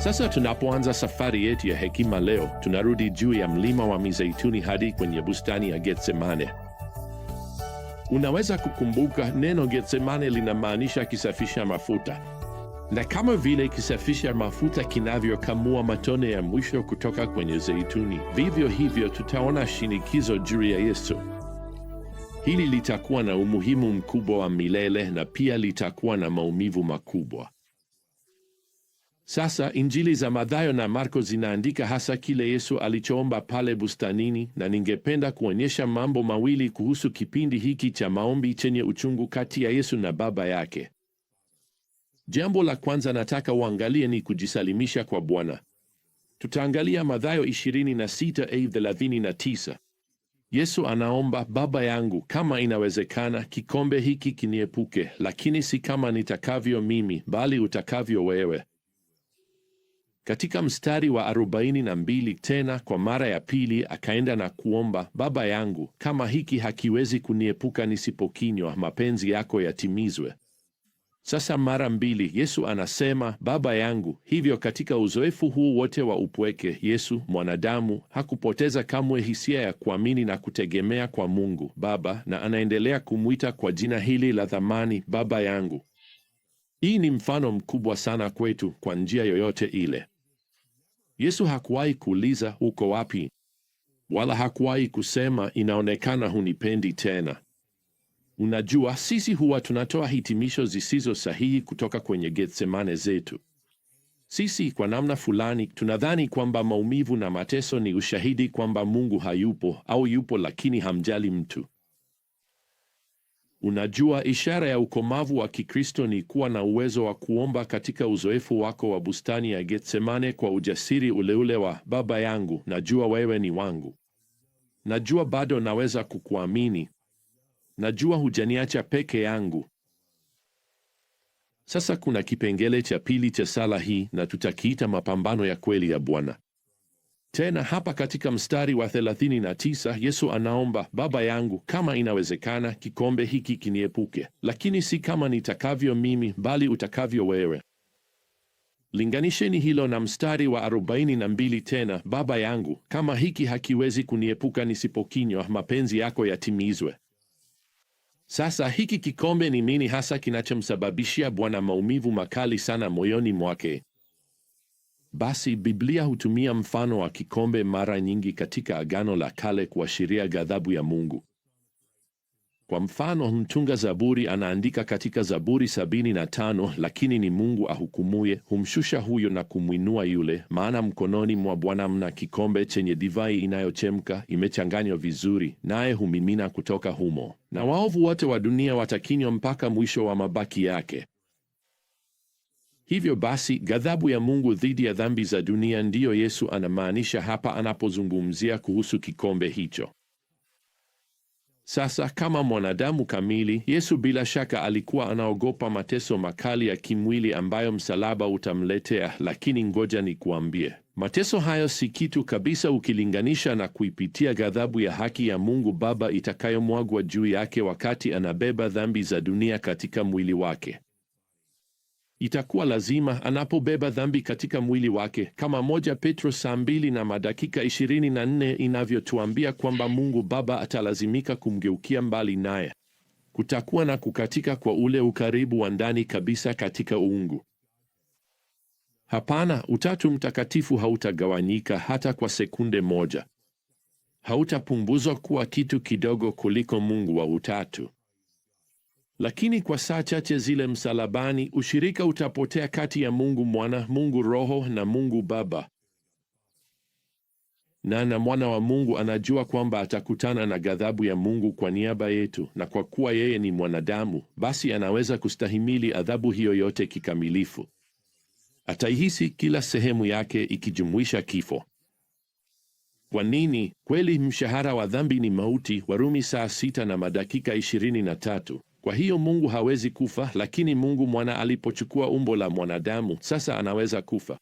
Sasa tunapoanza safari yetu ya hekima leo, tunarudi juu ya mlima wa Mizeituni hadi kwenye bustani ya Getsemane. Unaweza kukumbuka neno Getsemane linamaanisha kisafisha mafuta, na kama vile kisafisha mafuta kinavyokamua matone ya mwisho kutoka kwenye zeituni, vivyo hivyo tutaona shinikizo juu ya Yesu. Hili litakuwa na umuhimu mkubwa wa milele na pia litakuwa na maumivu makubwa. Sasa Injili za Mathayo na Marko zinaandika hasa kile Yesu alichoomba pale bustanini, na ningependa kuonyesha mambo mawili kuhusu kipindi hiki cha maombi chenye uchungu kati ya Yesu na Baba yake. Jambo la kwanza nataka uangalie ni kujisalimisha kwa Bwana. Tutaangalia Mathayo 26:39. Yesu anaomba, Baba yangu, kama inawezekana, kikombe hiki kiniepuke, lakini si kama nitakavyo mimi, bali utakavyo wewe. Katika mstari wa arobaini na mbili tena kwa mara ya pili akaenda na kuomba, Baba yangu, kama hiki hakiwezi kuniepuka nisipokinywa, mapenzi yako yatimizwe. Sasa mara mbili Yesu anasema Baba yangu. Hivyo katika uzoefu huu wote wa upweke, Yesu mwanadamu hakupoteza kamwe hisia ya kuamini na kutegemea kwa Mungu Baba, na anaendelea kumwita kwa jina hili la thamani, Baba yangu. Hii ni mfano mkubwa sana kwetu kwa njia yoyote ile. Yesu hakuwahi kuuliza uko wapi, wala hakuwahi kusema inaonekana hunipendi tena. Unajua, sisi huwa tunatoa hitimisho zisizo sahihi kutoka kwenye Getsemane zetu. Sisi kwa namna fulani tunadhani kwamba maumivu na mateso ni ushahidi kwamba Mungu hayupo au yupo lakini hamjali mtu. Unajua, ishara ya ukomavu wa Kikristo ni kuwa na uwezo wa kuomba katika uzoefu wako wa bustani ya Getsemane kwa ujasiri uleule wa Baba yangu, najua wewe ni wangu, najua bado naweza kukuamini, najua hujaniacha peke yangu. Sasa kuna kipengele cha pili cha sala hii na tutakiita mapambano ya kweli ya Bwana. Tena hapa katika mstari wa 39 Yesu anaomba, Baba yangu, kama inawezekana, kikombe hiki kiniepuke, lakini si kama nitakavyo mimi, bali utakavyo wewe. Linganisheni hilo na mstari wa 42 tena, Baba yangu, kama hiki hakiwezi kuniepuka nisipokinywa, mapenzi yako yatimizwe. Sasa hiki kikombe ni nini hasa kinachomsababishia Bwana maumivu makali sana moyoni mwake? Basi Biblia hutumia mfano wa kikombe mara nyingi katika Agano la Kale kuashiria ghadhabu ya Mungu. Kwa mfano, mtunga Zaburi anaandika katika Zaburi 75, lakini ni Mungu ahukumuye, humshusha huyo na kumwinua yule, maana mkononi mwa Bwana mna kikombe chenye divai inayochemka imechanganywa vizuri, naye humimina kutoka humo, na waovu wote wa dunia watakinywa mpaka mwisho wa mabaki yake. Hivyo basi, ghadhabu ya Mungu dhidi ya dhambi za dunia ndiyo Yesu anamaanisha hapa anapozungumzia kuhusu kikombe hicho. Sasa kama mwanadamu kamili, Yesu bila shaka alikuwa anaogopa mateso makali ya kimwili ambayo msalaba utamletea, lakini ngoja nikuambie, mateso hayo si kitu kabisa ukilinganisha na kuipitia ghadhabu ya haki ya Mungu Baba itakayomwagwa juu yake wakati anabeba dhambi za dunia katika mwili wake itakuwa lazima anapobeba dhambi katika mwili wake, kama moja Petro saa mbili na madakika ishirini na nne inavyotuambia kwamba Mungu Baba atalazimika kumgeukia mbali naye. Kutakuwa na kukatika kwa ule ukaribu wa ndani kabisa katika uungu. Hapana, Utatu Mtakatifu hautagawanyika hata kwa sekunde moja. Hautapunguzwa kuwa kitu kidogo kuliko Mungu wa Utatu. Lakini kwa saa chache zile msalabani, ushirika utapotea kati ya Mungu Mwana, Mungu Roho na Mungu Baba. Na na mwana wa Mungu anajua kwamba atakutana na ghadhabu ya Mungu kwa niaba yetu, na kwa kuwa yeye ni mwanadamu, basi anaweza kustahimili adhabu hiyo yote kikamilifu. Ataihisi kila sehemu yake ikijumuisha kifo. Kwa nini? Kweli mshahara wa dhambi ni mauti, Warumi saa sita na madakika ishirini na tatu. Kwa hiyo Mungu hawezi kufa, lakini Mungu mwana alipochukua umbo la mwanadamu, sasa anaweza kufa.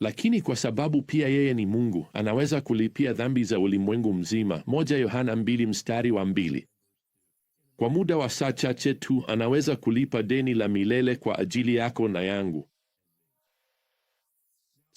Lakini kwa sababu pia yeye ni Mungu, anaweza kulipia dhambi za ulimwengu mzima. Moja Yohana mbili mstari wa mbili. Kwa muda wa saa chache tu anaweza kulipa deni la milele kwa ajili yako na yangu.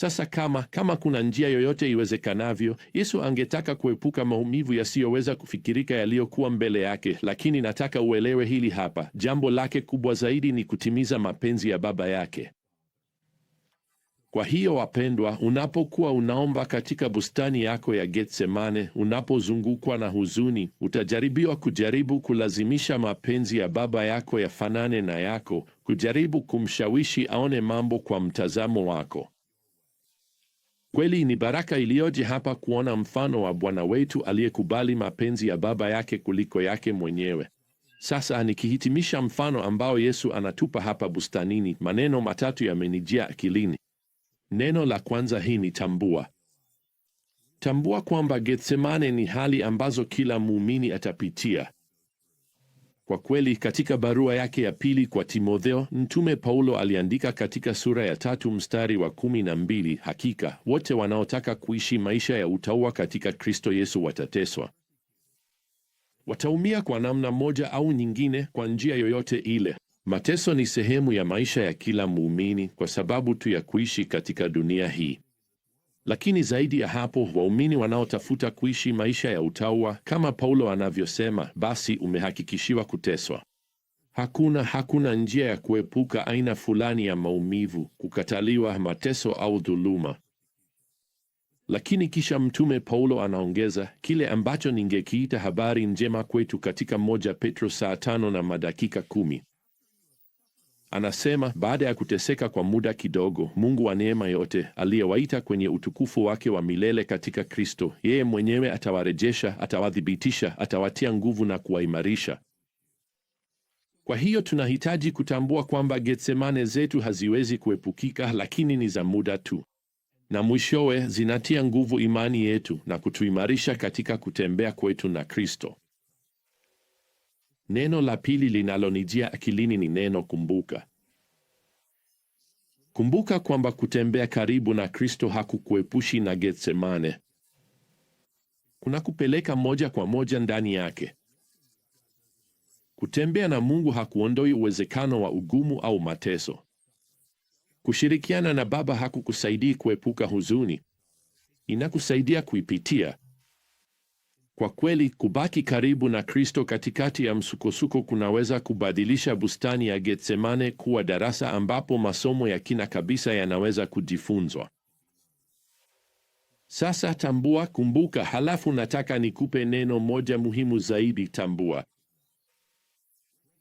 Sasa kama kama kuna njia yoyote iwezekanavyo, Yesu angetaka kuepuka maumivu yasiyoweza kufikirika yaliyokuwa mbele yake, lakini nataka uelewe hili hapa: jambo lake kubwa zaidi ni kutimiza mapenzi ya Baba yake. Kwa hiyo wapendwa, unapokuwa unaomba katika bustani yako ya Getsemane, unapozungukwa na huzuni, utajaribiwa kujaribu kulazimisha mapenzi ya Baba yako yafanane na yako, kujaribu kumshawishi aone mambo kwa mtazamo wako. Kweli ni baraka iliyoje hapa kuona mfano wa Bwana wetu aliyekubali mapenzi ya Baba yake kuliko yake mwenyewe. Sasa nikihitimisha mfano ambao Yesu anatupa hapa bustanini, maneno matatu yamenijia akilini. Neno la kwanza hii ni tambua. Tambua kwamba Getsemane ni hali ambazo kila muumini atapitia. Kwa kweli katika barua yake ya pili kwa Timotheo, mtume Paulo aliandika katika sura ya tatu mstari wa kumi na mbili, hakika wote wanaotaka kuishi maisha ya utaua katika Kristo Yesu watateswa, wataumia kwa namna moja au nyingine, kwa njia yoyote ile. Mateso ni sehemu ya maisha ya kila muumini kwa sababu tu ya kuishi katika dunia hii. Lakini zaidi ya hapo, waumini wanaotafuta kuishi maisha ya utawa kama Paulo anavyosema, basi umehakikishiwa kuteswa. Hakuna hakuna njia ya kuepuka aina fulani ya maumivu, kukataliwa, mateso au dhuluma. Lakini kisha mtume Paulo anaongeza kile ambacho ningekiita habari njema kwetu katika moja Petro saa tano na madakika kumi. Anasema baada ya kuteseka kwa muda kidogo, Mungu wa neema yote aliyewaita kwenye utukufu wake wa milele katika Kristo, yeye mwenyewe atawarejesha, atawathibitisha, atawatia nguvu na kuwaimarisha. Kwa hiyo tunahitaji kutambua kwamba Getsemane zetu haziwezi kuepukika, lakini ni za muda tu, na mwishowe zinatia nguvu imani yetu na kutuimarisha katika kutembea kwetu na Kristo. Neno la pili linalonijia akilini ni neno kumbuka. Kumbuka kwamba kutembea karibu na Kristo hakukuepushi na Getsemane. Kunakupeleka moja kwa moja ndani yake. Kutembea na Mungu hakuondoi uwezekano wa ugumu au mateso. Kushirikiana na Baba hakukusaidii kuepuka huzuni, inakusaidia kuipitia. Kwa kweli, kubaki karibu na Kristo katikati ya msukosuko kunaweza kubadilisha bustani ya Getsemane kuwa darasa ambapo masomo ya kina kabisa yanaweza kujifunzwa. Sasa tambua, kumbuka, halafu nataka nikupe neno moja muhimu zaidi: tambua.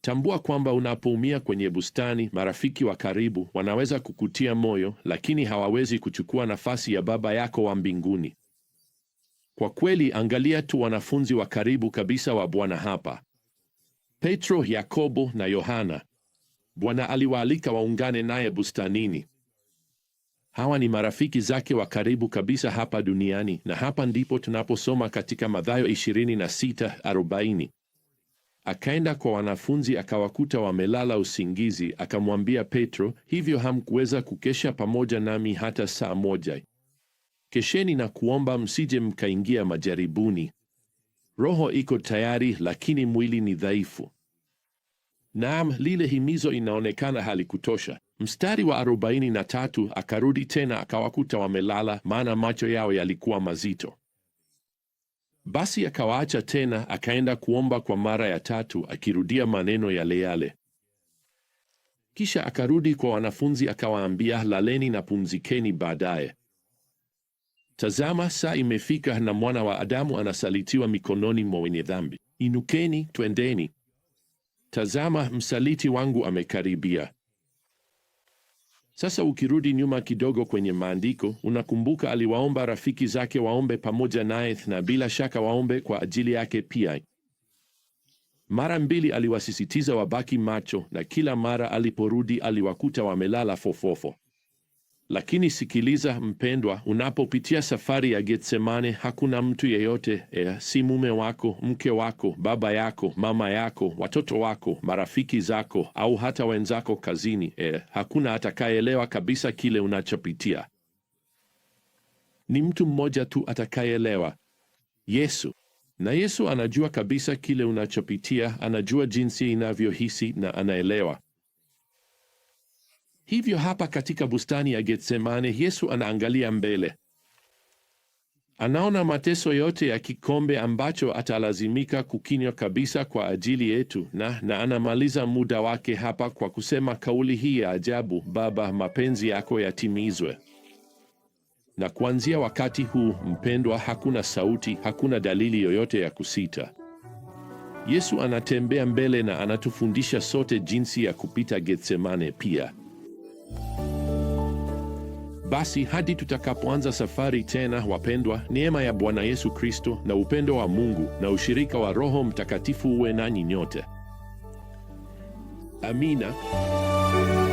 Tambua kwamba unapoumia kwenye bustani, marafiki wa karibu wanaweza kukutia moyo, lakini hawawezi kuchukua nafasi ya Baba yako wa mbinguni. Kwa kweli, angalia tu wanafunzi wa karibu kabisa wa Bwana hapa, Petro, Yakobo na Yohana. Bwana aliwaalika waungane naye bustanini. Hawa ni marafiki zake wa karibu kabisa hapa duniani, na hapa ndipo tunaposoma katika Mathayo 26:40. Akaenda kwa wanafunzi akawakuta wamelala usingizi, akamwambia Petro, hivyo hamkuweza kukesha pamoja nami hata saa moja? Kesheni na kuomba msije mkaingia majaribuni. Roho iko tayari lakini mwili ni dhaifu. Naam, lile himizo inaonekana halikutosha. Mstari wa 43, akarudi tena akawakuta wamelala, maana macho yao yalikuwa mazito. Basi akawaacha tena, akaenda kuomba kwa mara ya tatu, akirudia maneno yale yale. Kisha akarudi kwa wanafunzi akawaambia, laleni na pumzikeni baadaye. Tazama, saa imefika na mwana wa Adamu anasalitiwa mikononi mwa wenye dhambi. Inukeni, twendeni. Tazama, msaliti wangu amekaribia. Sasa ukirudi nyuma kidogo kwenye maandiko, unakumbuka aliwaomba rafiki zake waombe pamoja naye, na bila shaka waombe kwa ajili yake pia. Mara mbili aliwasisitiza wabaki macho, na kila mara aliporudi aliwakuta wamelala fofofo. Lakini sikiliza mpendwa, unapopitia safari ya Getsemane, hakuna mtu yeyote e, si mume wako, mke wako, baba yako, mama yako, watoto wako, marafiki zako, au hata wenzako kazini e, hakuna atakayeelewa kabisa kile unachopitia. Ni mtu mmoja tu atakayeelewa, Yesu. Na Yesu anajua kabisa kile unachopitia, anajua jinsi inavyohisi na anaelewa. Hivyo hapa katika bustani ya Getsemane, Yesu anaangalia mbele, anaona mateso yote ya kikombe ambacho atalazimika kukinywa kabisa kwa ajili yetu, na na anamaliza muda wake hapa kwa kusema kauli hii ya ajabu: Baba, mapenzi yako yatimizwe. Na kuanzia wakati huu, mpendwa, hakuna sauti, hakuna dalili yoyote ya kusita. Yesu anatembea mbele na anatufundisha sote jinsi ya kupita Getsemane pia. Basi hadi tutakapoanza safari tena, wapendwa, neema ya Bwana Yesu Kristo na upendo wa Mungu na ushirika wa Roho Mtakatifu uwe nanyi nyote. Amina.